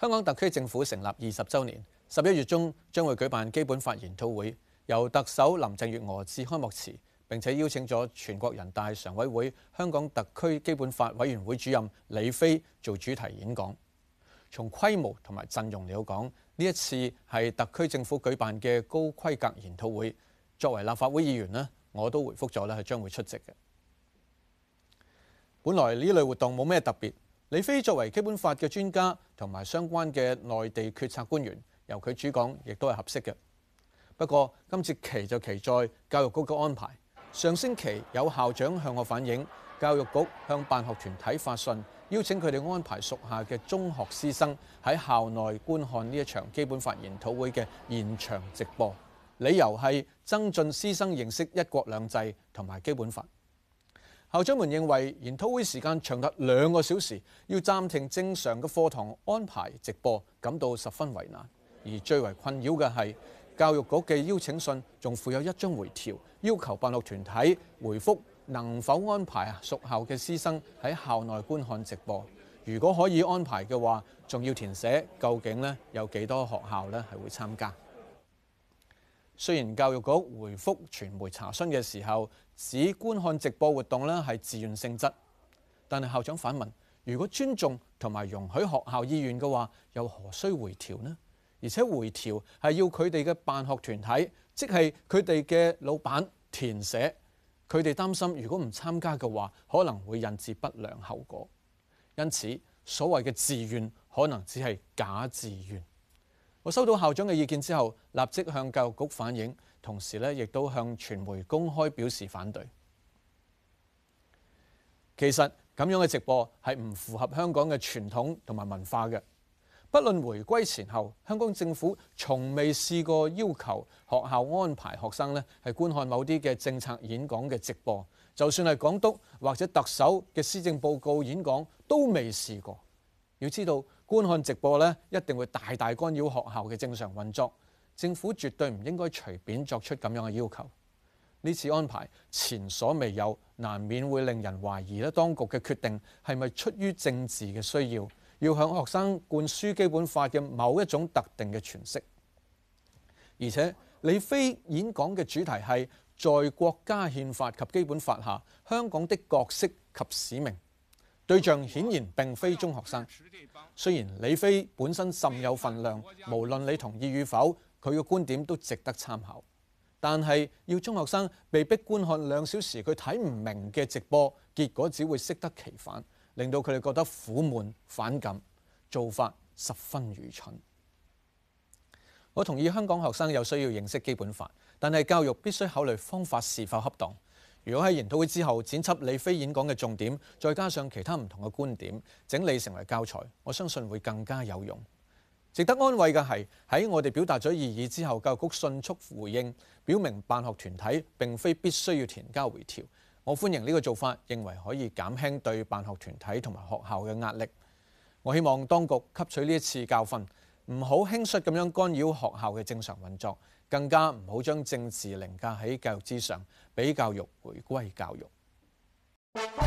香港特區政府成立二十周年，十一月中將會舉辦基本法研討會，由特首林鄭月娥致開幕詞，並且邀請咗全國人大常委會香港特區基本法委員會主任李飛做主題演講。從規模同埋陣容嚟講，呢一次係特區政府舉辦嘅高規格研討會。作為立法會議員咧，我都回復咗咧，係將會出席嘅。本來呢類活動冇咩特別。李飛作為基本法嘅專家同埋相關嘅內地決策官員，由佢主講亦都係合適嘅。不過今次奇就奇在教育局嘅安排。上星期有校長向我反映，教育局向辦學團體發信，邀請佢哋安排屬下嘅中學師生喺校內觀看呢一場基本法研討會嘅現場直播，理由係增進師生認識一國兩制同埋基本法。校長們認為研討會時間長達兩個小時，要暫停正常嘅課堂安排直播，感到十分為難。而最為困擾嘅係教育局嘅邀請信，仲附有一張回條，要求辦學團體回覆能否安排啊，屬校嘅師生喺校內觀看直播。如果可以安排嘅話，仲要填寫究竟有幾多學校咧係會參加。雖然教育局回覆傳媒查詢嘅時候，指觀看直播活動咧係自願性質，但係校長反問：如果尊重同埋容許學校意願嘅話，又何須回調呢？而且回調係要佢哋嘅辦學團體，即係佢哋嘅老闆填寫。佢哋擔心，如果唔參加嘅話，可能會引致不良後果。因此，所謂嘅自願可能只係假自願。我收到校長嘅意見之後，立即向教育局反映，同時咧亦都向傳媒公開表示反對。其實咁樣嘅直播係唔符合香港嘅傳統同埋文化嘅。不論回歸前後，香港政府從未試過要求學校安排學生呢係觀看某啲嘅政策演講嘅直播。就算係港督或者特首嘅施政報告演講，都未試過。要知道。觀看直播呢，一定會大大干擾學校嘅正常運作。政府絕對唔應該隨便作出咁樣嘅要求。呢次安排前所未有，難免會令人懷疑咧，當局嘅決定係咪出於政治嘅需要，要向學生灌輸基本法嘅某一種特定嘅詮釋。而且李飛演講嘅主題係在國家憲法及基本法下，香港的角色及使命。對象顯然並非中學生，雖然李飛本身甚有份量，無論你同意與否，佢嘅觀點都值得參考。但係要中學生被迫觀看兩小時佢睇唔明嘅直播，結果只會適得其反，令到佢哋覺得苦悶反感，做法十分愚蠢。我同意香港學生有需要認識基本法，但係教育必須考慮方法是否恰當。如果喺研討會之後剪輯李飛演講嘅重點，再加上其他唔同嘅觀點，整理成為教材，我相信會更加有用。值得安慰嘅係喺我哋表達咗異議之後，教育局迅速回應，表明辦學團體並非必須要填交回條。我歡迎呢個做法，認為可以減輕對辦學團體同埋學校嘅壓力。我希望當局吸取呢一次教訓，唔好輕率咁樣干擾學校嘅正常運作。更加唔好將政治凌駕喺教育之上，畀教育回歸教育。